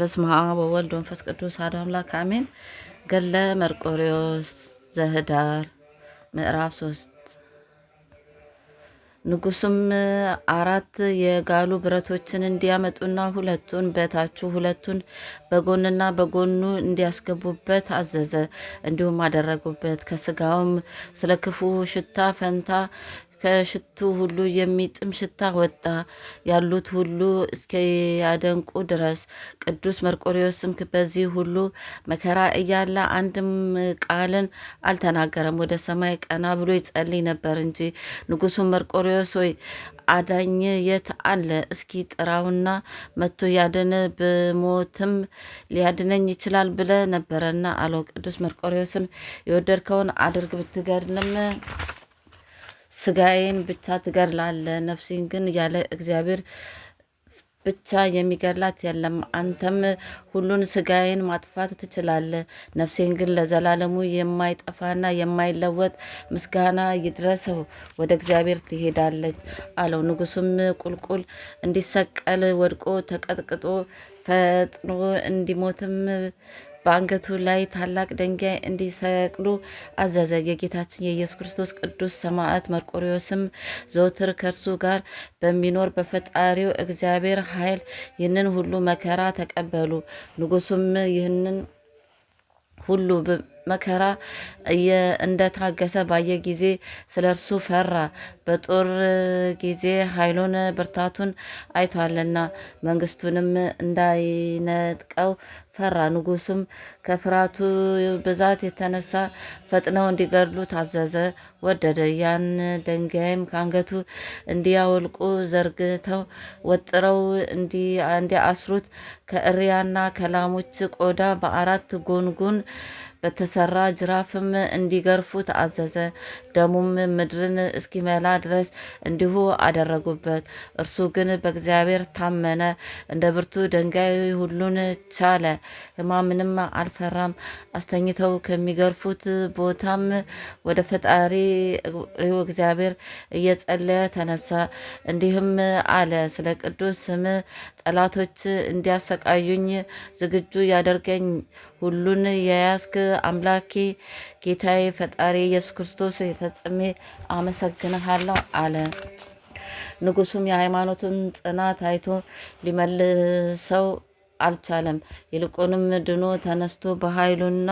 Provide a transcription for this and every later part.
በስመ አብ ወወልድ ወመንፈስ ቅዱስ አሐዱ አምላክ አሜን። ገድለ መርቆሬዎስ ዘህዳር ምዕራፍ ሶስት ንጉሱም አራት የጋሉ ብረቶችን እንዲያመጡና ሁለቱን በታቹ ሁለቱን በጎንና በጎኑ እንዲያስገቡበት አዘዘ። እንዲሁም አደረጉበት። ከስጋውም ስለ ክፉ ሽታ ፈንታ ከሽቱ ሁሉ የሚጥም ሽታ ወጣ። ያሉት ሁሉ እስኪያደንቁ ድረስ ቅዱስ መርቆሪዎስም በዚህ ሁሉ መከራ እያለ አንድም ቃልን አልተናገረም። ወደ ሰማይ ቀና ብሎ ይጸልይ ነበር እንጂ። ንጉሱ መርቆሪዎስ ወይ አዳኝ የት አለ? እስኪ ጥራውና መቶ ያድን፣ ብሞትም ሊያድነኝ ይችላል ብለ ነበረና አለው። ቅዱስ መርቆሪዎስም የወደድከውን አድርግ ብትገድንም ስጋዬን ብቻ ትገድላለ፣ ነፍሴን ግን ያለ እግዚአብሔር ብቻ የሚገድላት የለም። አንተም ሁሉን ስጋዬን ማጥፋት ትችላለ ነፍሴን ግን ለዘላለሙ የማይጠፋና የማይለወጥ ምስጋና ይድረሰው ወደ እግዚአብሔር ትሄዳለች አለው። ንጉሱም ቁልቁል እንዲሰቀል ወድቆ ተቀጥቅጦ ፈጥኖ እንዲሞትም በአንገቱ ላይ ታላቅ ድንጋይ እንዲሰቅሉ አዘዘ። የጌታችን የኢየሱስ ክርስቶስ ቅዱስ ሰማዕት መርቆሪዎስም ዘውትር ከእርሱ ጋር በሚኖር በፈጣሪው እግዚአብሔር ኃይል ይህንን ሁሉ መከራ ተቀበሉ። ንጉሱም ይህንን ሁሉ መከራ እንደታገሰ ባየ ጊዜ ስለ እርሱ ፈራ። በጦር ጊዜ ኃይሉን ብርታቱን አይቷልና መንግስቱንም እንዳይነጥቀው ፈራ። ንጉሱም ከፍርሃቱ ብዛት የተነሳ ፈጥነው እንዲገድሉ ታዘዘ፣ ወደደ። ያን ድንጋይም ከአንገቱ እንዲያወልቁ ዘርግተው ወጥረው እንዲያስሩት ከእሪያና ከላሞች ቆዳ በአራት ጎንጉን በተሰራ ጅራፍም እንዲገርፉት አዘዘ። ደሙም ምድርን እስኪመላ ድረስ እንዲሁ አደረጉበት። እርሱ ግን በእግዚአብሔር ታመነ፣ እንደ ብርቱ ድንጋይ ሁሉን ቻለ፣ ሕማምንም አልፈራም። አስተኝተው ከሚገርፉት ቦታም ወደ ፈጣሪ እግዚአብሔር እየጸለየ ተነሳ፣ እንዲህም አለ፦ ስለ ቅዱስ ስም ጠላቶች እንዲያሰቃዩኝ ዝግጁ ያደርገኝ። ሁሉን የያዝክ አምላኬ ጌታዬ ፈጣሪ ኢየሱስ ክርስቶስ ፈጽሜ አመሰግንሃለሁ አለ። ንጉሱም የሃይማኖቱን ጽናት አይቶ ሊመልሰው አልቻለም። ይልቁንም ድኖ ተነስቶ በኃይሉና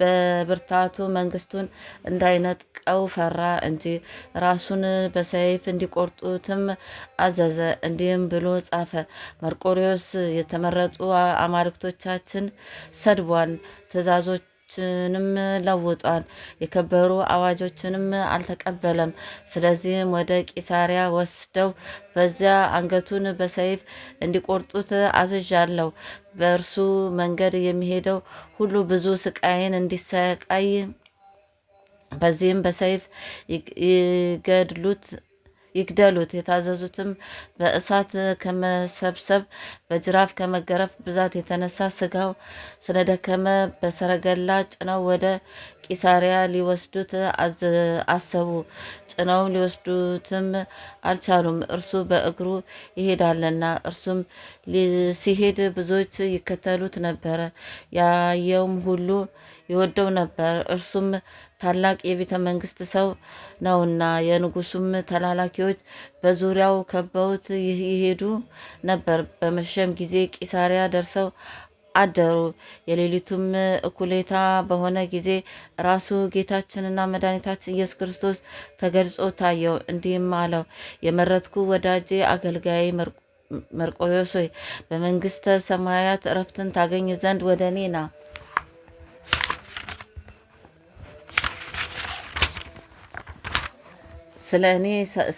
በብርታቱ መንግስቱን እንዳይነጥቀው ፈራ እንጂ ራሱን በሰይፍ እንዲቆርጡትም አዘዘ። እንዲህም ብሎ ጻፈ፣ መርቆሪዎስ የተመረጡ አማልክቶቻችን ሰድቧል። ትእዛዞች ችንም ለውጧል። የከበሩ አዋጆችንም አልተቀበለም። ስለዚህም ወደ ቂሳሪያ ወስደው በዚያ አንገቱን በሰይፍ እንዲቆርጡት አዝዣለሁ። በእርሱ መንገድ የሚሄደው ሁሉ ብዙ ስቃይን እንዲሰቃይ በዚህም በሰይፍ ይገድሉት ይግደሉት። የታዘዙትም በእሳት ከመሰብሰብ በጅራፍ ከመገረፍ ብዛት የተነሳ ስጋው ስለደከመ በሰረገላ ጭነው ወደ ቂሳሪያ ሊወስዱት አሰቡ። ጭነውም ሊወስዱትም አልቻሉም፣ እርሱ በእግሩ ይሄዳልና። እርሱም ሲሄድ ብዙዎች ይከተሉት ነበረ። ያየውም ሁሉ ይወደው ነበር። እርሱም ታላቅ የቤተ መንግስት ሰው ነውና የንጉሱም ተላላኪዎች በዙሪያው ከበውት ይሄዱ ነበር። በመሸም ጊዜ ቂሳሪያ ደርሰው አደሩ። የሌሊቱም እኩሌታ በሆነ ጊዜ ራሱ ጌታችንና መድኃኒታችን ኢየሱስ ክርስቶስ ተገልጾ ታየው። እንዲህም አለው፣ የመረጥኩ ወዳጄ አገልጋይ መርቆሬዎስ ሆይ በመንግሥተ ሰማያት እረፍትን ታገኝ ዘንድ ወደ እኔ ና። ስለ እኔ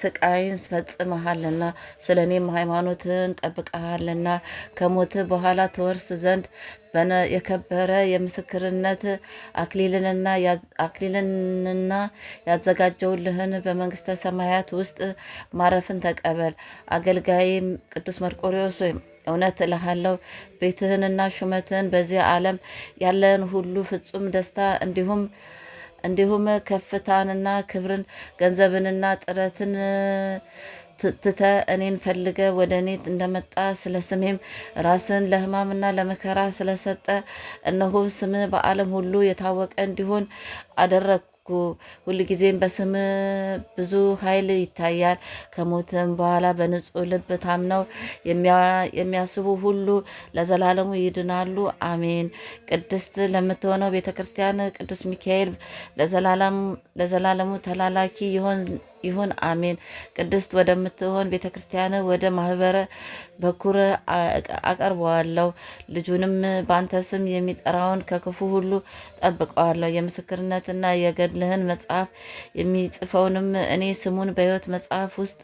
ስቃይን ፈጽመሃልና ስለ እኔም ሃይማኖትን ጠብቀሃልና ከሞት በኋላ ትወርስ ዘንድ የከበረ የምስክርነት አክሊልንና አክሊልንና ያዘጋጀውልህን በመንግስተ ሰማያት ውስጥ ማረፍን ተቀበል። አገልጋይም ቅዱስ መርቆሪዎስ ወይም እውነት እልሃለሁ ቤትህንና ሹመትህን በዚህ ዓለም ያለን ሁሉ ፍጹም ደስታ እንዲሁም እንዲሁም ከፍታንና ክብርን ገንዘብንና ጥረትን ትተ እኔን ፈልገ ወደ እኔ እንደመጣ ስለ ስሜም ራስን ለሕማምና ለመከራ ስለሰጠ እነሆ ስም በዓለም ሁሉ የታወቀ እንዲሆን አደረግኩ። ሁልጊዜም በስም ብዙ ኃይል ይታያል። ከሞትም በኋላ በንጹሕ ልብ ታምነው የሚያስቡ ሁሉ ለዘላለሙ ይድናሉ። አሜን። ቅድስት ለምትሆነው ቤተ ክርስቲያን ቅዱስ ሚካኤል ለዘላለሙ ተላላኪ ይሆን ይሁን አሜን። ቅድስት ወደምትሆን ቤተ ክርስቲያን ወደ ማህበረ በኩር አቀርበዋለሁ። ልጁንም በአንተ ስም የሚጠራውን ከክፉ ሁሉ ጠብቀዋለሁ። የምስክርነትና የገድልህን መጽሐፍ የሚጽፈውንም እኔ ስሙን በሕይወት መጽሐፍ ውስጥ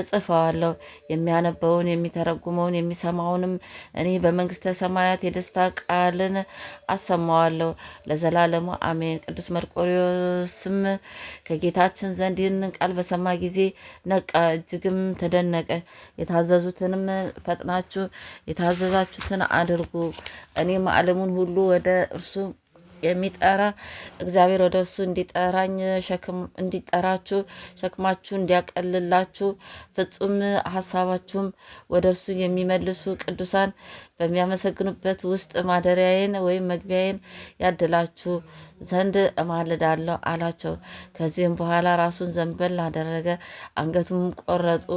እጽፈዋለሁ። የሚያነበውን፣ የሚተረጉመውን፣ የሚሰማውንም እኔ በመንግስተ ሰማያት የደስታ ቃልን አሰማዋለሁ። ለዘላለሙ አሜን። ቅዱስ መርቆሪዎስም ከጌታችን ዘንድ ይህንን ቃል በሰማ ጊዜ ነቃ፣ እጅግም ተደነቀ። የታዘዙትንም ፈጥናችሁ የታዘዛችሁትን አድርጉ፣ እኔ ማዕለሙን ሁሉ ወደ እርሱ የሚጠራ እግዚአብሔር ወደ እርሱ እንዲጠራኝ እንዲጠራችሁ ሸክማችሁ እንዲያቀልላችሁ ፍጹም ሀሳባችሁም ወደ እርሱ የሚመልሱ ቅዱሳን በሚያመሰግኑበት ውስጥ ማደሪያዬን ወይም መግቢያዬን ያድላችሁ ዘንድ እማልዳለሁ አላቸው። ከዚህም በኋላ ራሱን ዘንበል አደረገ፣ አንገቱም ቆረጡ።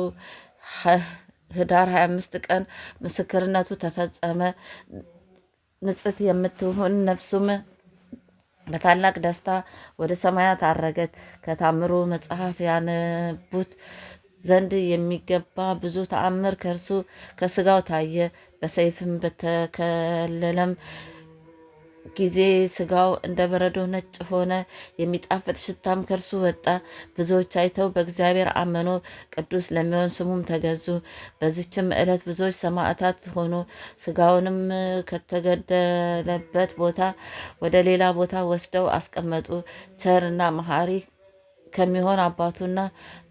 ህዳር 25 ቀን ምስክርነቱ ተፈጸመ። ንጽሕት የምትሆን ነፍሱም በታላቅ ደስታ ወደ ሰማያት አረገች። ከታምሮ መጽሐፍ ያነቡት ዘንድ የሚገባ ብዙ ተአምር ከእርሱ ከስጋው ታየ። በሰይፍም በተከለለም ጊዜ ስጋው እንደ በረዶ ነጭ ሆነ፣ የሚጣፍጥ ሽታም ከእርሱ ወጣ። ብዙዎች አይተው በእግዚአብሔር አመኑ፣ ቅዱስ ለሚሆን ስሙም ተገዙ። በዚችም ዕለት ብዙዎች ሰማዕታት ሆኑ። ስጋውንም ከተገደለበት ቦታ ወደ ሌላ ቦታ ወስደው አስቀመጡ። ቸርና መሐሪ ከሚሆን አባቱና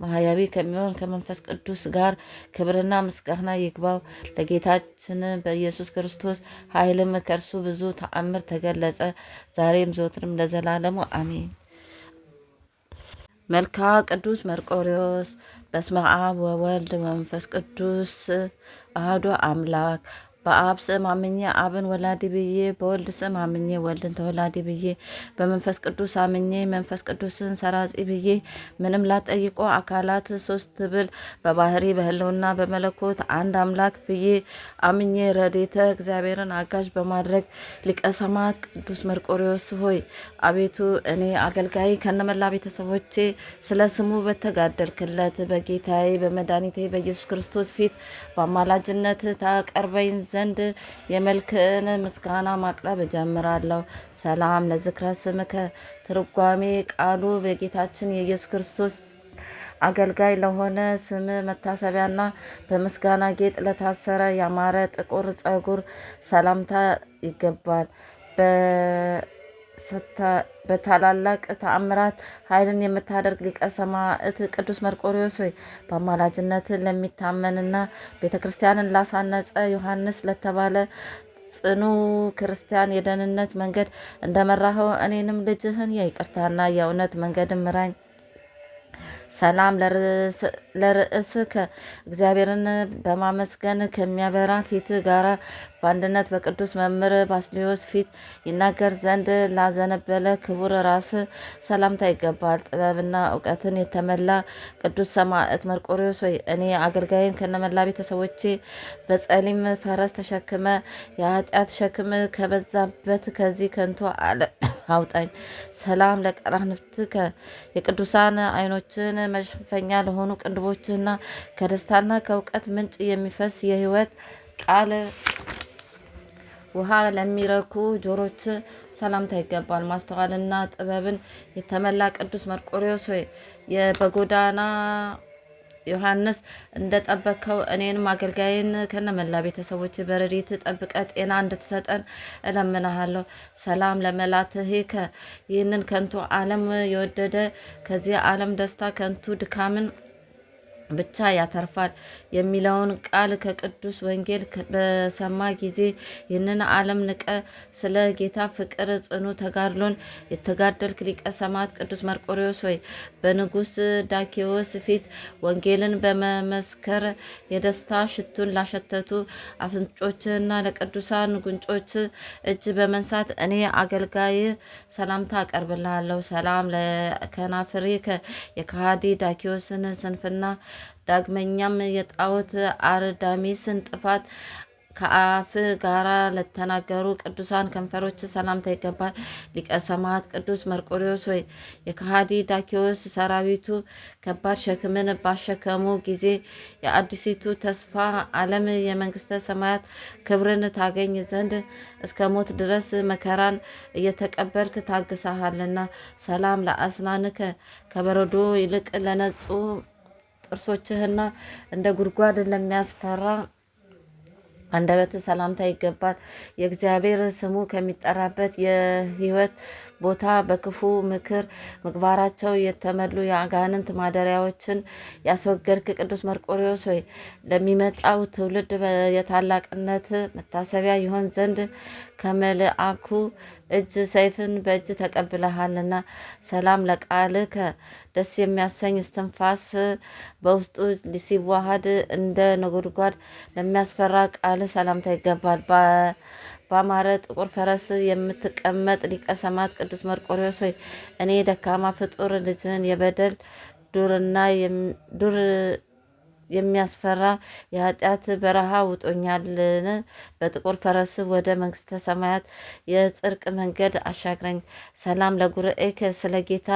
ማህያዊ ከሚሆን ከመንፈስ ቅዱስ ጋር ክብርና ምስጋና ይግባው። ለጌታችን በኢየሱስ ክርስቶስ ኃይልም ከእርሱ ብዙ ተአምር ተገለጸ። ዛሬም ዘወትርም ለዘላለሙ አሜን። መልካ ቅዱስ መርቆሬዎስ። በስመ አብ ወወልድ ወመንፈስ ቅዱስ አሐዱ አምላክ በአብ ስም አምኜ አብን ወላዲ ብዬ፣ በወልድ ስም አምኜ ወልድን ተወላዲ ብዬ፣ በመንፈስ ቅዱስ አምኜ መንፈስ ቅዱስን ሰራጺ ብዬ ምንም ላጠይቆ አካላት ሶስት ብል በባህሪ በህልውና በመለኮት አንድ አምላክ ብዬ አምኜ ረዴተ እግዚአብሔርን አጋዥ በማድረግ ሊቀ ሰማዕት ቅዱስ መርቆሪዎስ ሆይ አቤቱ እኔ አገልጋይ ከነመላ ቤተሰቦቼ ስለ ስሙ በተጋደልክለት በጌታዬ በመድኃኒቴ በኢየሱስ ክርስቶስ ፊት በአማላጅነት ታቀርበኝ ዘንድ የመልክን ምስጋና ማቅረብ እጀምራለሁ። ሰላም ለዝክረ ስምከ ትርጓሜ ቃሉ በጌታችን የኢየሱስ ክርስቶስ አገልጋይ ለሆነ ስም መታሰቢያና በምስጋና ጌጥ ለታሰረ ያማረ ጥቁር ጸጉር ሰላምታ ይገባል። በታላላቅ ተአምራት ኃይልን የምታደርግ ሊቀ ሰማዕት ቅዱስ መርቆሪዎስ ሆይ በአማላጅነት ለሚታመንና ቤተ ክርስቲያንን ላሳነጸ ዮሐንስ ለተባለ ጽኑ ክርስቲያን የደህንነት መንገድ እንደመራኸው እኔንም ልጅህን የይቅርታና የእውነት መንገድ ምራኝ። ሰላም ለርእስ እግዚአብሔርን በማመስገን ከሚያበራ ፊት ጋራ በአንድነት በቅዱስ መምህር ባስሊዮስ ፊት ይናገር ዘንድ ላዘነበለ ክቡር ራስ ሰላምታ ይገባል። ጥበብና እውቀትን የተመላ ቅዱስ ሰማዕት መርቆሪዎስ ወይ እኔ አገልጋይን ከነመላ ቤተሰቦቼ በጸሊም ፈረስ ተሸክመ የኃጢአት ሸክም ከበዛበት ከዚህ ከንቱ አለ አውጣኝ። ሰላም ለቀራንብት የቅዱሳን አይኖችን መሸፈኛ ለሆኑ ቅንድቦችና ከደስታና ከእውቀት ምንጭ የሚፈስ የሕይወት ቃል ውሃ ለሚረኩ ጆሮች ሰላምታ ይገባል። ማስተዋልና ጥበብን የተመላ ቅዱስ መርቆሬዎስ ወይ የበጎዳና ዮሐንስ እንደጠበከው እኔንም አገልጋይን ከነመላ ቤተሰቦች በረድኤት ጠብቀ ጤና እንድትሰጠን እለምናሃለሁ። ሰላም ለመላትህ ይህንን ከንቱ ዓለም የወደደ ከዚህ ዓለም ደስታ ከንቱ ድካምን ብቻ ያተርፋል የሚለውን ቃል ከቅዱስ ወንጌል በሰማ ጊዜ ይህንን ዓለም ንቀ ስለ ጌታ ፍቅር ጽኑ ተጋድሎን የተጋደልክ ሊቀ ሰማዕት ቅዱስ መርቆሪዎስ ወይ በንጉስ ዳኪዎስ ፊት ወንጌልን በመመስከር የደስታ ሽቱን ላሸተቱ አፍንጮችና ለቅዱሳን ጉንጮች እጅ በመንሳት እኔ አገልጋይ ሰላምታ አቀርብልሃለሁ። ሰላም ለከናፍሬ የከሃዲ ዳኪዎስን ስንፍና ዳግመኛም የጣዖት አርዳሚስን ጥፋት ከአፍ ጋር ለተናገሩ ቅዱሳን ከንፈሮች ሰላምታ ይገባል። ሊቀ ሰማዕት ቅዱስ መርቆሪዎስ ወይ የከሃዲ ዳኪዎስ ሰራዊቱ ከባድ ሸክምን ባሸከሙ ጊዜ የአዲሲቱ ተስፋ ዓለም የመንግስተ ሰማያት ክብርን ታገኝ ዘንድ እስከ ሞት ድረስ መከራን እየተቀበልክ ታግሳሃልና፣ ሰላም ለአስናንከ ከበረዶ ይልቅ ለነጹ ጥርሶችህና እንደ ጉድጓድ ለሚያስፈራ አንደበት ሰላምታ ይገባል። የእግዚአብሔር ስሙ ከሚጠራበት የህይወት ቦታ በክፉ ምክር ምግባራቸው የተመሉ የአጋንንት ማደሪያዎችን ያስወገድክ ቅዱስ መርቆሪዎስ ሆይ ለሚመጣው ትውልድ የታላቅነት መታሰቢያ ይሆን ዘንድ ከመልአኩ እጅ ሰይፍን በእጅ ተቀብለሃልና፣ ሰላም ለቃልከ ደስ የሚያሰኝ እስትንፋስ በውስጡ ሲዋሃድ እንደ ነጎድጓድ ለሚያስፈራ ቃል ሰላምታ ይገባል። ባማረ ጥቁር ፈረስ የምትቀመጥ ሊቀ ሰማዕት ቅዱስ መርቆሬዎስ ሆይ እኔ ደካማ ፍጡር ልጅን የበደል ዱርና ዱር የሚያስፈራ የኃጢአት በረሃ ውጦኛልን። በጥቁር ፈረስ ወደ መንግስተ ሰማያት የጽርቅ መንገድ አሻግረኝ። ሰላም ለጉርኤ ስለ ጌታ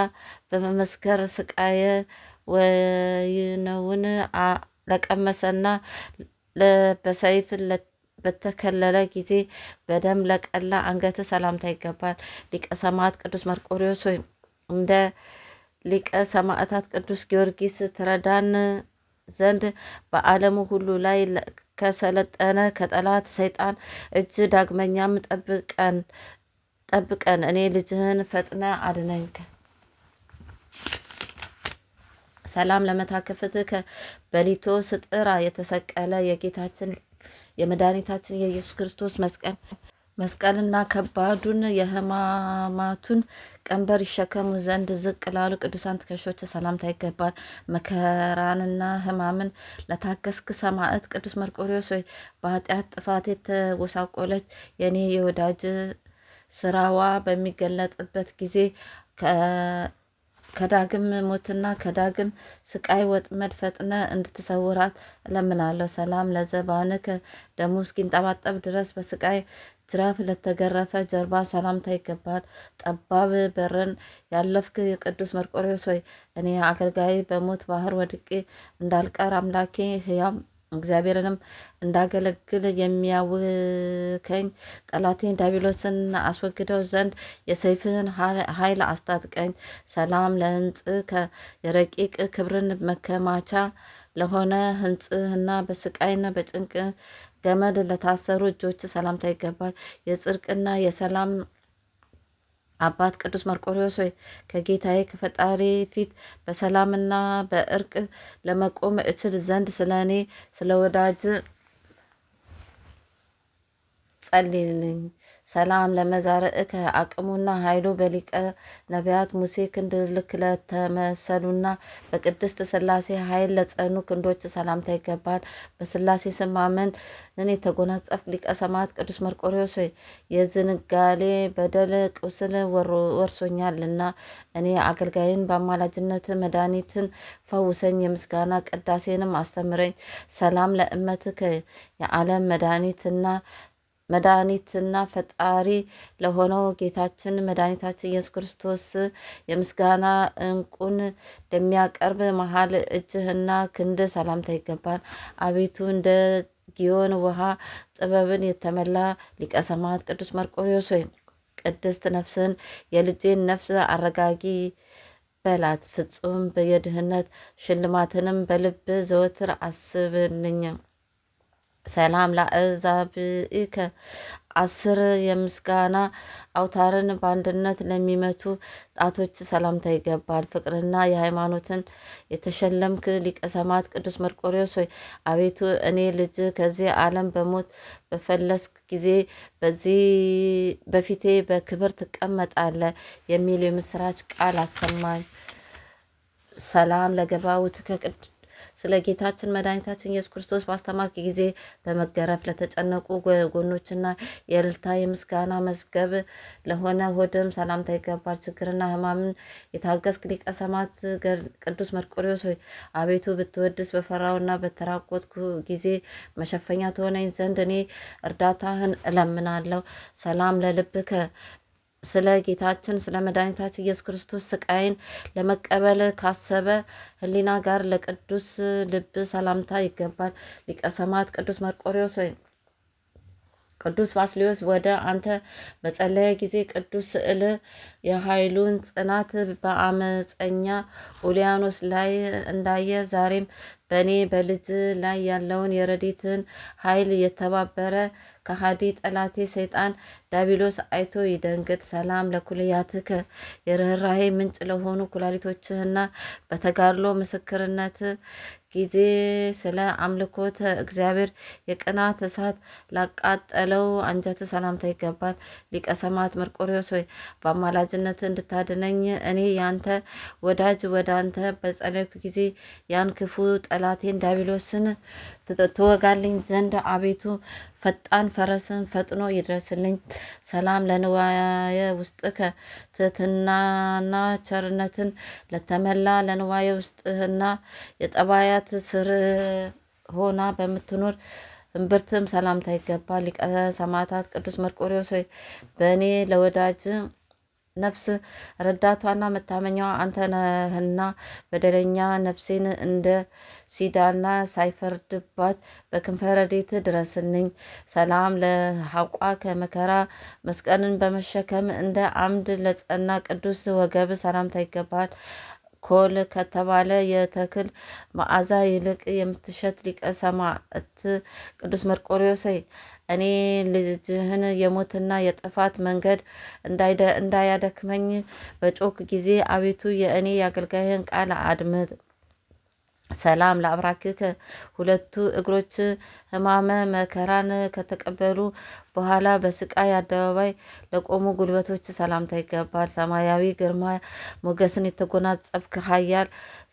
በመመስከር ስቃየ ወይነውን ለቀመሰና በሰይፍ በተከለለ ጊዜ በደም ለቀላ አንገት ሰላምታ ይገባል። ሊቀ ሰማዕት ቅዱስ መርቆሪዎስ እንደ ሊቀ ሰማዕታት ቅዱስ ጊዮርጊስ ትረዳን ዘንድ በዓለሙ ሁሉ ላይ ከሰለጠነ ከጠላት ሰይጣን እጅ ዳግመኛም ጠብቀን ጠብቀን እኔ ልጅህን ፈጥነ አድነኝ። ሰላም ለመታከፍት በሊቶ ስጥራ የተሰቀለ የጌታችን የመድኃኒታችን የኢየሱስ ክርስቶስ መስቀል መስቀልና ከባዱን የሕማማቱን ቀንበር ይሸከሙ ዘንድ ዝቅ ላሉ ቅዱሳን ትከሻዎች ሰላምታ ይገባል። መከራንና ሕማምን ለታገስክ ሰማዕት ቅዱስ መርቆሪዎስ ወይ በኃጢአት ጥፋት የተጎሳቆለች የኔ የወዳጅ ስራዋ በሚገለጥበት ጊዜ ከዳግም ሞትና ከዳግም ስቃይ ወጥመድ ፈጥነ እንድትሰውራት እለምናለሁ። ሰላም ለዘባንከ ደሙ እስኪንጠባጠብ ድረስ በስቃይ ጅራፍ ለተገረፈ ጀርባ ሰላምታ ይገባል። ጠባብ በርን ያለፍክ ቅዱስ መርቆሬዎስ ሆይ እኔ አገልጋይ በሞት ባህር ወድቄ እንዳልቀር አምላኬ ህያም እግዚአብሔርንም እንዳገለግል የሚያውከኝ ጠላቴን ዳቢሎስን አስወግደው ዘንድ የሰይፍህን ኃይል አስታጥቀኝ። ሰላም ለህንጽ የረቂቅ ክብርን መከማቻ ለሆነ ህንጽህና በስቃይና በጭንቅ ገመድ ለታሰሩ እጆች ሰላምታ ይገባል። የጽርቅና የሰላም አባት ቅዱስ መርቆሪዎስ ሆይ ከጌታዬ ከፈጣሪ ፊት በሰላምና በእርቅ ለመቆም እችል ዘንድ ስለ እኔ ስለ ወዳጅ ጸልይልኝ። ሰላም ለመዛርእከ አቅሙና ኃይሉ በሊቀ ነቢያት ሙሴ ክንድ ልክ ለተመሰሉና በቅድስት ስላሴ ኃይል ለጸኑ ክንዶች ሰላምታ ይገባል። በስላሴ ስም ማመንን የተጎናጸፍክ ሊቀ ሰማዕት ቅዱስ መርቆሬዎስ ሆይ የዝንጋሌ በደል ቁስል ወርሶኛልና እኔ አገልጋይን በአማላጅነት መድኃኒትን ፈውሰኝ፣ የምስጋና ቅዳሴንም አስተምረኝ። ሰላም ለእመትከ የዓለም መድኃኒትና መድኃኒትና ፈጣሪ ለሆነው ጌታችን መድኃኒታችን ኢየሱስ ክርስቶስ የምስጋና እንቁን ለሚያቀርብ መሀል እጅህና ክንድ ሰላምታ ይገባል። አቤቱ እንደ ጊዮን ውሃ ጥበብን የተመላ ሊቀ ሰማዕት ቅዱስ መርቆሬዎስ ወይ ቅድስት ነፍስን የልጄን ነፍስ አረጋጊ በላት ፍጹም የድህነት ሽልማትንም በልብ ዘወትር አስብንኝ። ሰላም ለአሕዛብከ አስር የምስጋና አውታርን በአንድነት ለሚመቱ ጣቶች ሰላምታ ይገባል። ፍቅርና የሃይማኖትን የተሸለምክ ሊቀሰማት ቅዱስ መርቆሪዎስ ሆይ አቤቱ እኔ ልጅ ከዚህ ዓለም በሞት በፈለስክ ጊዜ በዚህ በፊቴ በክብር ትቀመጣለህ የሚል የምስራች ቃል አሰማኝ። ሰላም ለገባውት ስለ ጌታችን መድኃኒታችን ኢየሱስ ክርስቶስ ባስተማርክ ጊዜ በመገረፍ ለተጨነቁ ጎኖችና የልታ የምስጋና መዝገብ ለሆነ ሆድም ሰላምታ ይገባል። ችግርና ሕማምን የታገስክ ሊቀ ሰማዕት ቅዱስ መርቆሬዎስ ሆይ አቤቱ ብትወድስ በፈራውና በተራቆትኩ ጊዜ መሸፈኛ ተሆነኝ ዘንድ እኔ እርዳታህን እለምናለሁ። ሰላም ለልብከ ስለ ጌታችን ስለ መድኃኒታችን ኢየሱስ ክርስቶስ ስቃይን ለመቀበል ካሰበ ሕሊና ጋር ለቅዱስ ልብ ሰላምታ ይገባል። ሊቀ ሰማዕት ቅዱስ መርቆሪዎስ ወይም ቅዱስ ባስልዮስ ወደ አንተ በጸለየ ጊዜ ቅዱስ ስዕል የኃይሉን ጽናት በአመፀኛ ኡሊያኖስ ላይ እንዳየ ዛሬም በእኔ በልጅ ላይ ያለውን የረዲትን ኃይል የተባበረ ከሃዲ ጠላቴ ሰይጣን ዳቢሎስ አይቶ ይደንግጥ። ሰላም ለኩልያትከ የርኅራሄ ምንጭ ለሆኑ ኩላሊቶችህና በተጋድሎ ምስክርነት ጊዜ ስለ አምልኮተ እግዚአብሔር የቅናት እሳት ላቃጠለው አንጀት ሰላምታ ይገባል። ሊቀ ሰማዕት መርቆሬዎስ ሆይ በአማላጅነት እንድታድነኝ እኔ ያንተ ወዳጅ ወደ አንተ በጸለይኩ ጊዜ ያን ክፉ ጠላቴን ዳቢሎስን ትወጋልኝ ዘንድ አቤቱ ፈጣን ፈረስን ፈጥኖ ይድረስልኝ። ሰላም ለንዋየ ውስጥከ ትህትናና ቸርነትን ለተመላ ለንዋየ ውስጥህና የጠባያት ስር ሆና በምትኖር እምብርትም ሰላምታ ይገባል። ሊቀ ሰማዕታት ቅዱስ መርቆሬዎስ በእኔ ለወዳጅ ነፍስ ረዳቷና መታመኛዋ አንተ ነህና በደለኛ ነፍሴን እንደ ሲዳና ሳይፈርድባት በክንፈ ረድኤት ድረስልኝ። ሰላም ለሐቋ ከመከራ መስቀልን በመሸከም እንደ አምድ ለጸና ቅዱስ ወገብ ሰላምታ ይገባል። ኮል ከተባለ የተክል መዓዛ ይልቅ የምትሸት ሊቀ ሰማዕት ቅዱስ መርቆሪዎስ እኔ ልጅህን የሞትና የጥፋት መንገድ እንዳያደክመኝ በጮክ ጊዜ አቤቱ የእኔ የአገልጋይህን ቃል አድምጥ። ሰላም ለአብራክከ ሁለቱ እግሮች ሕማመ መከራን ከተቀበሉ በኋላ በስቃይ አደባባይ ለቆሙ ጉልበቶች ሰላምታ ይገባል። ሰማያዊ ግርማ ሞገስን የተጎናጸፍክ ኃያል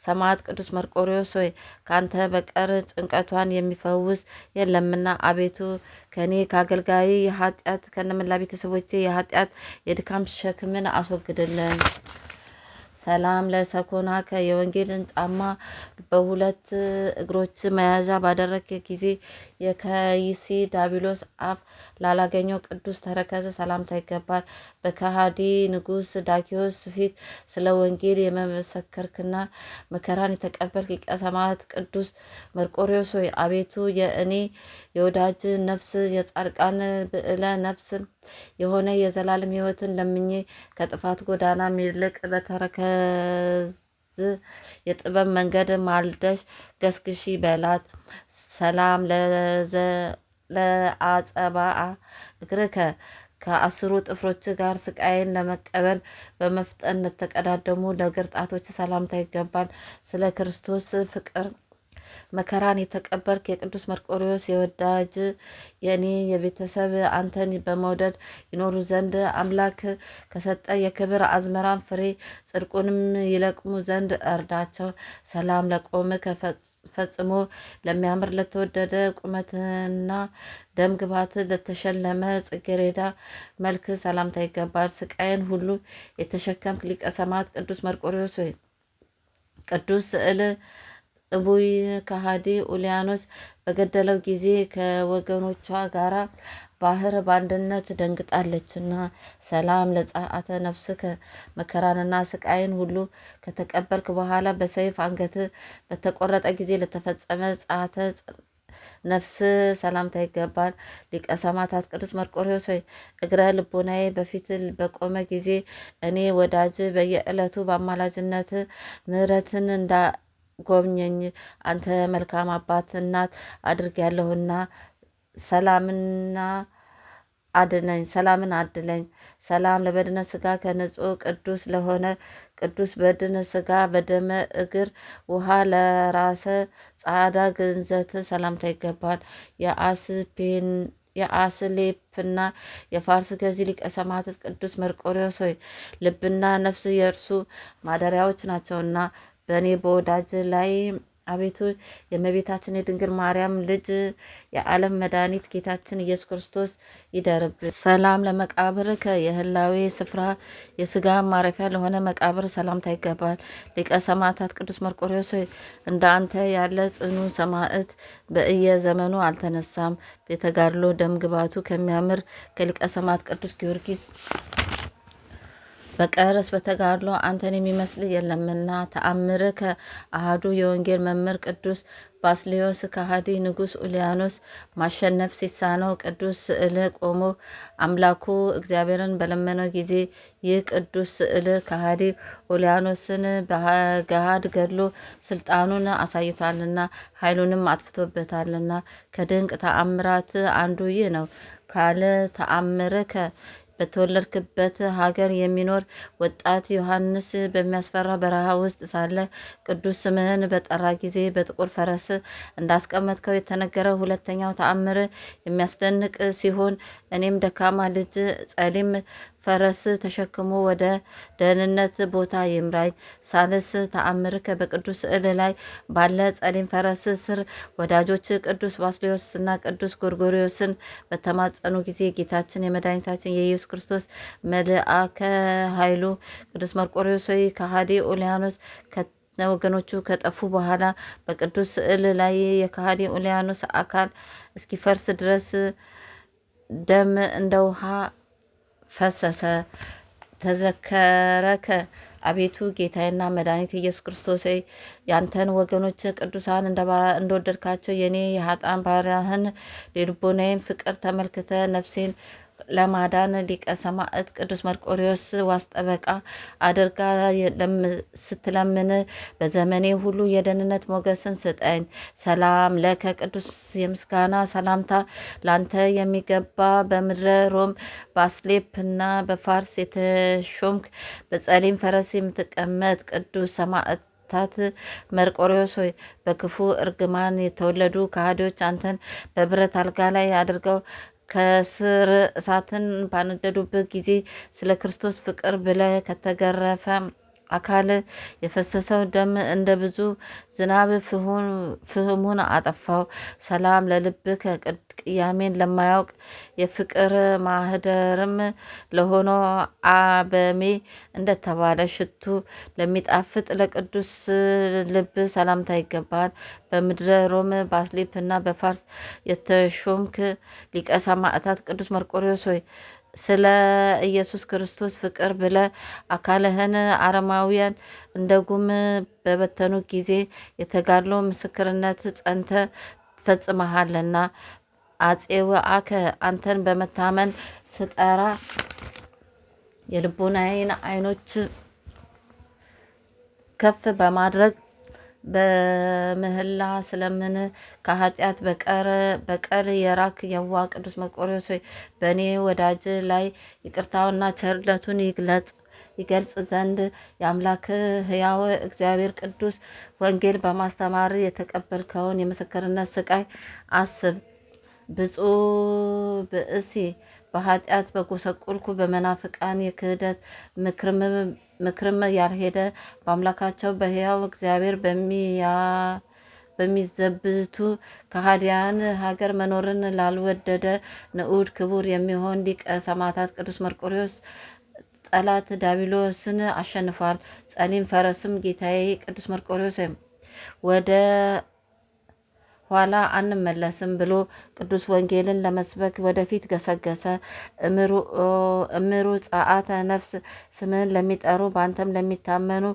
ሰማዕት ቅዱስ መርቆሪዎስ ሆይ ከአንተ በቀር ጭንቀቷን የሚፈውስ የለምና አቤቱ ከኔ ከአገልጋይ የኃጢአት ከነመላ ቤተሰቦቼ የኃጢአት የድካም ሸክምን አስወግድልን። ሰላም ለሰኮናከ የወንጌልን ጫማ በሁለት እግሮች መያዣ ባደረግ ጊዜ የከይሲ ዳቢሎስ አፍ ላላገኘው ቅዱስ ተረከዘ ሰላምታ ይገባል። በከሃዲ ንጉሥ ዳኪዎስ ፊት ስለ ወንጌል የመመሰከርክና መከራን የተቀበልክ ሊቀ ቅዱስ መርቆሬዎስ ሆይ አቤቱ የእኔ የወዳጅ ነፍስ የጻድቃን ብዕለ ነፍስ የሆነ የዘላለም ሕይወትን ለምኝ ከጥፋት ጎዳና ሚልቅ በተረከዝ የጥበብ መንገድ ማልደሽ ገስግሺ በላት። ሰላም ለአጸባአ እግርከ ከአስሩ ጥፍሮች ጋር ስቃይን ለመቀበል በመፍጠን ለተቀዳደሙ ለእግር ጣቶች ሰላምታ ይገባል። ስለ ክርስቶስ ፍቅር መከራን የተቀበልክ የቅዱስ መርቆሪዎስ የወዳጅ የእኔ የቤተሰብ አንተን በመውደድ ይኖሩ ዘንድ አምላክ ከሰጠ የክብር አዝመራን ፍሬ ጽድቁንም ይለቅሙ ዘንድ እርዳቸው። ሰላም ለቆም ፈጽሞ ለሚያምር ለተወደደ ቁመትና ደም ግባት ለተሸለመ ጽጌረዳ መልክ ሰላምታ ይገባል። ስቃይን ሁሉ የተሸከምክ ሊቀ ሰማዕት ቅዱስ መርቆሪዎስ ወይ ቅዱስ ስዕል እቡይ ከሃዲ ኡልያኖስ በገደለው ጊዜ ከወገኖቿ ጋራ ባህር በአንድነት ደንግጣለችና፣ ሰላም ለጻአተ ነፍስከ መከራንና ስቃይን ሁሉ ከተቀበልክ በኋላ በሰይፍ አንገት በተቆረጠ ጊዜ ለተፈጸመ ጻአተ ነፍስ ሰላምታ ይገባል። ሊቀ ሰማዕታት ቅዱስ መርቆሬዎስ ሆይ እግረ ልቦናዬ በፊት በቆመ ጊዜ እኔ ወዳጅ በየዕለቱ በአማላጅነት ምሕረትን እንዳ ጎብኘኝ። አንተ መልካም አባት፣ እናት ያለሁና ሰላምና አድነኝ ሰላምን አድለኝ። ሰላም ለበድነ ስጋ ከንጹሕ ቅዱስ ለሆነ ቅዱስ በድነ ስጋ በደመ እግር ውሃ ለራሰ ጻዳ ግንዘት ሰላምታ ይገባል። የአስፔን የአስሌፕና የፋርስ ገዢ ሊቀ ሰማዕታት ቅዱስ መርቆሪዎስ ሆይ ልብና ነፍስ የእርሱ ማደሪያዎች ናቸውና በእኔ በወዳጅ ላይ አቤቱ የእመቤታችን የድንግል ማርያም ልጅ የዓለም መድኃኒት ጌታችን ኢየሱስ ክርስቶስ ይደርብን። ሰላም ለመቃብር የህላዌ ስፍራ የስጋ ማረፊያ ለሆነ መቃብር ሰላምታ ይገባል። ሊቀ ሰማዕታት ቅዱስ መርቆሬዎስ እንደ አንተ ያለ ጽኑ ሰማዕት ዘመኑ አልተነሳም። የተጋድሎ ደምግባቱ ከሚያምር ከሊቀ ሰማት ቅዱስ ጊዮርጊስ በቀርስ በተጋድሎ አንተን የሚመስል የለምና። ተአምርከ አህዱ የወንጌል መምህር ቅዱስ ባስልዮስ ከሃዲ ንጉስ ኡልያኖስ ማሸነፍ ሲሳነው ቅዱስ ስዕል ቆሞ አምላኩ እግዚአብሔርን በለመነው ጊዜ ይህ ቅዱስ ስዕል ከሃዲ ኡልያኖስን በገሃድ ገድሎ ስልጣኑን አሳይቷልና ኃይሉንም አጥፍቶበታልና። ከድንቅ ተአምራት አንዱ ይህ ነው። ካለ ተአምርከ በተወለድክበት ሀገር የሚኖር ወጣት ዮሐንስ በሚያስፈራ በረሃ ውስጥ ሳለ ቅዱስ ስምህን በጠራ ጊዜ በጥቁር ፈረስ እንዳስቀመጥከው የተነገረ ሁለተኛው ተአምር የሚያስደንቅ ሲሆን እኔም ደካማ ልጅ ጸሊም ፈረስ ተሸክሞ ወደ ደህንነት ቦታ ይምራኝ። ሳልስ ተአምርከ በቅዱስ ስዕል ላይ ባለ ጸሊም ፈረስ ስር ወዳጆች ቅዱስ ባስልዮስና ቅዱስ ጎርጎሪዎስን በተማጸኑ ጊዜ ጌታችን የመድኃኒታችን የኢየሱስ ክርስቶስ መልአከ ኃይሉ ቅዱስ መርቆሪዎስ ወይ ከሃዲ ኦሊያኖስ ወገኖቹ ከጠፉ በኋላ በቅዱስ ስዕል ላይ የከሃዲ ኦሊያኖስ አካል እስኪፈርስ ድረስ ደም እንደ ውሃ ፈሰሰ። ተዘከረከ አቤቱ ጌታዬና መድኃኒት ኢየሱስ ክርስቶስ ያንተን ወገኖች ቅዱሳን እንደወደድካቸው የእኔ የሀጣን ባሪያህን የልቦናዬን ፍቅር ተመልክተ ነፍሴን ለማዳን ሊቀ ሰማዕት ቅዱስ መርቆሪዎስ ዋስጠበቃ አድርጋ ስትለምን በዘመኔ ሁሉ የደህንነት ሞገስን ስጠኝ። ሰላም ለከ ቅዱስ የምስጋና ሰላምታ ላንተ የሚገባ በምድረ ሮም በአስሌፕና በፋርስ የተሾምክ በጸሊም ፈረስ የምትቀመጥ ቅዱስ ሰማዕት ታት መርቆሪዎስ ሆይ በክፉ እርግማን የተወለዱ ከሃዲዎች አንተን በብረት አልጋ ላይ አድርገው ከስር እሳትን ባነደዱበት ጊዜ ስለ ክርስቶስ ፍቅር ብለ ከተገረፈ አካል የፈሰሰው ደም እንደ ብዙ ዝናብ ፍህሙን አጠፋው። ሰላም ለልብ ቅያሜን ለማያውቅ የፍቅር ማህደርም ለሆኖ አበሜ እንደተባለ ሽቱ ለሚጣፍጥ ለቅዱስ ልብ ሰላምታ ይገባል። በምድረ ሮም በአስሊፕ እና በፋርስ የተሾምክ ሊቀ ሰማዕታት ቅዱስ መርቆሪዎስ ሆይ ስለ ኢየሱስ ክርስቶስ ፍቅር ብለ አካልህን አረማውያን እንደ ጉም በበተኑ ጊዜ የተጋድሎ ምስክርነት ጸንተ ፈጽመሃልና አከ አንተን በመታመን ስጠራ የልቡናይን አይኖች ከፍ በማድረግ በምህላ ስለምን ከኃጢአት በቀር በቀር የራክ የዋ ቅዱስ መርቆሬዎስ በእኔ ወዳጅ ላይ ይቅርታውና ቸርለቱን ይግለጽ ይገልጽ ዘንድ የአምላክ ሕያው እግዚአብሔር ቅዱስ ወንጌል በማስተማር የተቀበልከውን የምስክርነት ስቃይ አስብ። ብፁ ብእሲ በኃጢአት በጎሰቁልኩ በመናፍቃን የክህደት ምክርም ምክርም ያልሄደ በአምላካቸው በሕያው እግዚአብሔር በሚዘብቱ ከሃዲያን ሀገር መኖርን ላልወደደ ንዑድ ክቡር የሚሆን ሊቀ ሰማዕታት ቅዱስ መርቆሪዎስ ጠላት ዳቢሎስን አሸንፏል። ጸሊም ፈረስም ጌታዬ ቅዱስ መርቆሪዎስ ወደ ኋላ አንመለስም ብሎ ቅዱስ ወንጌልን ለመስበክ ወደፊት ገሰገሰ። እምሩ ጸአተ ነፍስ ስምህን ለሚጠሩ በአንተም ለሚታመኑ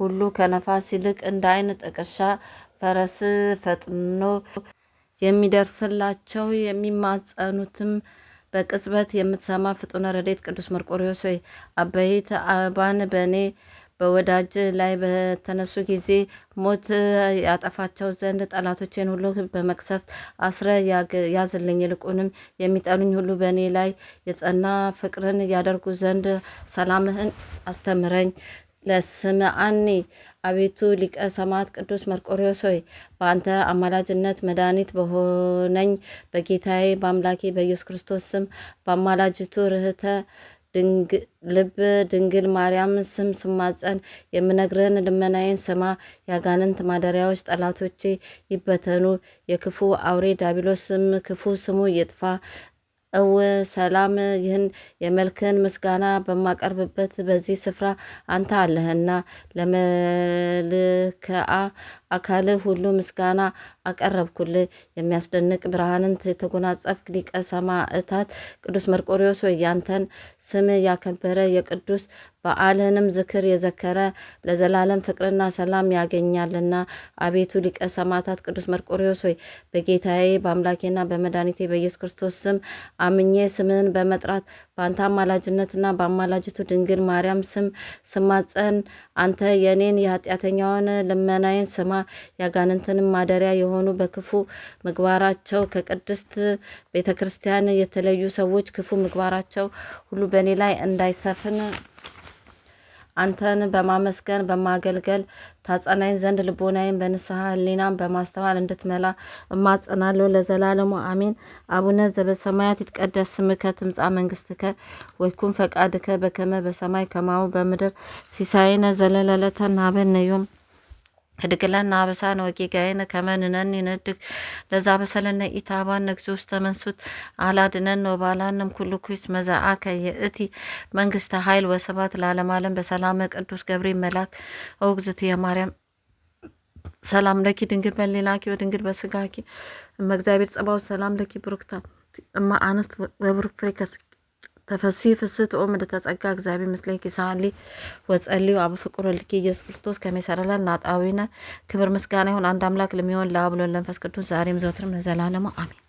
ሁሉ ከነፋስ ይልቅ እንደ ዓይን ጥቅሻ ፈረስ ፈጥኖ የሚደርስላቸው የሚማጸኑትም በቅጽበት የምትሰማ ፍጡነ ረዴት ቅዱስ መርቆሪዎስ ወይ አበይት አባን በእኔ በወዳጅ ላይ በተነሱ ጊዜ ሞት ያጠፋቸው ዘንድ ጠላቶቼን ሁሉ በመቅሰፍት አስረ ያዝልኝ። ይልቁንም የሚጠሉኝ ሁሉ በእኔ ላይ የጸና ፍቅርን ያደርጉ ዘንድ ሰላምህን አስተምረኝ። ለስምአኒ አቤቱ ሊቀ ሰማዕት ቅዱስ መርቆሬዎስ ሆይ በአንተ አማላጅነት መድኃኒት በሆነኝ በጌታዬ በአምላኬ በኢየሱስ ክርስቶስ ስም በአማላጅቱ ርህተ ልብ ድንግል ማርያም ስም ስማጸን የምነግርህን ልመናዬን ስማ። የአጋንንት ማደሪያዎች ጠላቶቼ ይበተኑ፣ የክፉ አውሬ ዳቢሎ ስም ክፉ ስሙ ይጥፋ። እው ሰላም ይህን የመልክህን ምስጋና በማቀርብበት በዚህ ስፍራ አንተ አለህና ለመልክዓ አካልህ ሁሉ ምስጋና አቀረብኩል የሚያስደንቅ ብርሃንን ተጎናጸፍ ሊቀ ሰማዕታት ቅዱስ መርቆሪዎስ ወይ ያንተን ስም ያከበረ የቅዱስ በዓልህንም ዝክር የዘከረ ለዘላለም ፍቅርና ሰላም ያገኛልና። አቤቱ ሊቀ ሰማዕታት ቅዱስ መርቆሪዎስ ሆይ በጌታዬ በአምላኬና በመድኃኒቴ በኢየሱስ ክርስቶስ ስም አምኜ ስምህን በመጥራት በአንተ አማላጅነትና በአማላጅቱ ድንግል ማርያም ስም ስማጸን አንተ የኔን የኃጢአተኛውን ልመናዬን ስማ የአጋንንትንም ማደሪያ የሆኑ በክፉ ምግባራቸው ከቅድስት ቤተ ክርስቲያን የተለዩ ሰዎች ክፉ ምግባራቸው ሁሉ በእኔ ላይ እንዳይሰፍን አንተን በማመስገን በማገልገል ታጸናኝ ዘንድ ልቦናዬን በንስሐ ሕሊናም በማስተዋል እንድትመላ እማጸናለሁ ለዘላለሙ አሜን። አቡነ ዘበሰማያት ይትቀደስ ስምከ መንግስት መንግስትከ ወይኩን ፈቃድከ በከመ በሰማይ ከማሁ በምድር ሲሳየነ ዘለለዕለትነ ሀበነ ዮም ህድግላና አበሳነ ወጌጋየነ ከመንነን ይነድግ ለዛ በሰለነ ኢታባን ነግዚ ውስጥ ተመንሱት አላድነን ወባላንም ኩሉ ኩስ መዛአከ የእቲ መንግስተ ኃይል ወሰባት ለዓለም ዓለም በሰላመ ቅዱስ ገብርኤል መላክ ኦግዝት የማርያም ሰላም ለኪ ድንግል በሌላኪ ወድንግል በስጋኪ እመ እግዚአብሔር ጸባኦት ሰላም ለኪ ብሩክታ እማ አንስት ወብሩክ ፍሬ ከስኪ ተፈሲ ፍስት ኦ ምድተ ጸጋ እግዚአብሔር ምስለ ኪሳሊ ወጸልዩ አብ ፍቁር ልኪ ኢየሱስ ክርስቶስ ከመሰረላ ናጣዊነ ክብር ምስጋና ይሁን አንድ አምላክ ለሚሆን ለአብ ለወልድ ለመንፈስ ቅዱስ ዛሬም ዘወትርም ለዘላለሙ አሜን።